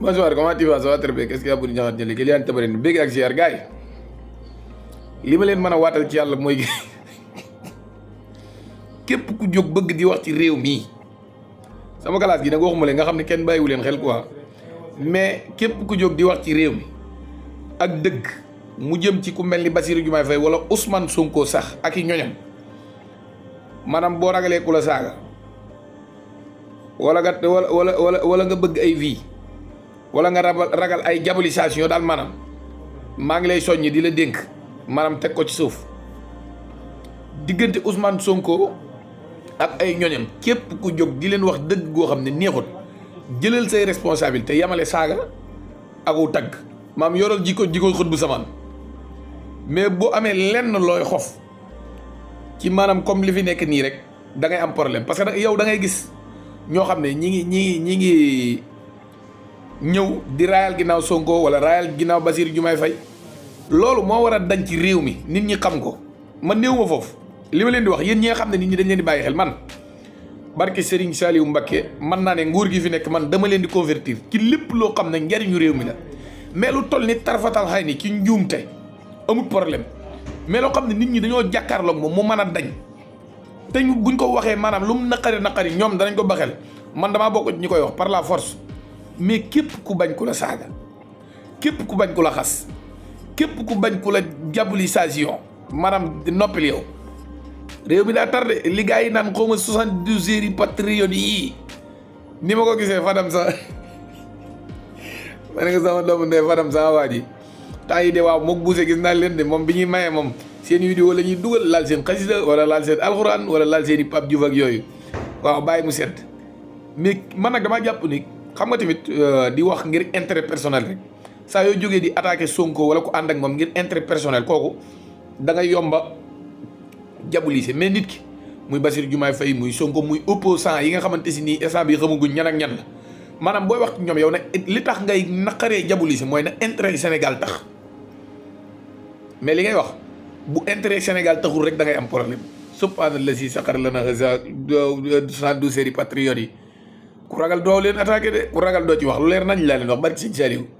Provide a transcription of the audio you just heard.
Bonsoir, comment tu vas Ça va très bien. Qu'est-ce qu'il y a pour Ndiakhate Ndiaye Kélian Tabarine bég ak ziar gaay li ma ci ku jog bëgg di wax ci réew mii sama galaas gi nag waxuma leen nga xam ne kenn bàyyiwu leen xel quoi mais ku jog di wax ci réew mi ak dëgg mu jëm ci ku mel ni Bassirou Diomaye wala Ousmane Sonko sax ak i ñoñam maanaam boo ragalee ku la wala nga wala wala wala nga bëgg ay vie wala nga ragal ay diabolisation daal maanaam maa ngi lay soññi di la dénk maanaam teg ko ci suuf diggante Ousmane Sonko ak ay ñoñam képp ku jóg di leen wax dëgg goo xam ne neexut jëlal say responsabilité yamale saaga aku tagg maam yoral jikko jikko xut bu samaan mais boo amee lenn looy xof ci maanaam comme li fi nekk nii rek dangay am problème parce que yow da gis ñoo xam ne ñi ngi ñii ngi ñi ngi ñëw di raayal ginnaaw Sonko wala raayal ginnaaw Bassirou Diomaye fay loolu moo war a dañ ci réew mi nit ñi xam ko man néew ma foofu li ma leen di wax yéen ñi nga xam ne nit ñi dañ leen di bàyyi xel man barke Serigne Saliou Mbacké man naa ne nguur gi fi nekk man dama leen di convertir ci lépp loo xam ne njariñu réew mi la mais lu toll ni tarfatal xay ni ci njuumte amul problème mais loo xam ne nit ñi dañoo jàkkaarloog moom mu mën a dañ te guñ ko waxee maanaam lu mu naqari naqari ñoom danañ ko baxel man damaa bokk ñi koy wax par la force mais képp ku bañ ku la saaga képp ku bañ ku la xas képp ku bañ ku la diabolisation maanaam noppil yow réew mi daa tardé li yi naan xaw ma soixante-douze heures yi ni ma ko gisee Fadam sax ma ne ko sama doomu ndey Fadam yi de waaw moo buuse gis naa leen de moom bi ñuy mayee moom seen vidéo la ñuy dugal laal seen xasida wala laal seen alxuraan wala laal seen i Pape Diouf ak yooyu waaw bàyyi mu sedd mais man nag damaa jàpp ni xam nga tamit euh, di wax ngir intérêt personnel rek sa yo jógee di attaquer Sonko wala ku and ak mom ngir intérêt personnel koku da nga yomba jabulisé mais nit ki muy basir Diomaye fay muy Sonko muy opposant yi nga xamante si nii instant bi xamaguñ ñan ak ñan manam boy wax ñom yow nak li tax ngay nakaré jabulisé moy na intérêt Sénégal tax mais li ngay wax bu intérêt Sénégal taxul rek da ngay am problème subhanallah si saqar lana gaza, 112 série patriote ku ragal doo leen attaqué de ku ragal doo ci wax lu leer nañ laa leen wax barki sëñ Saliou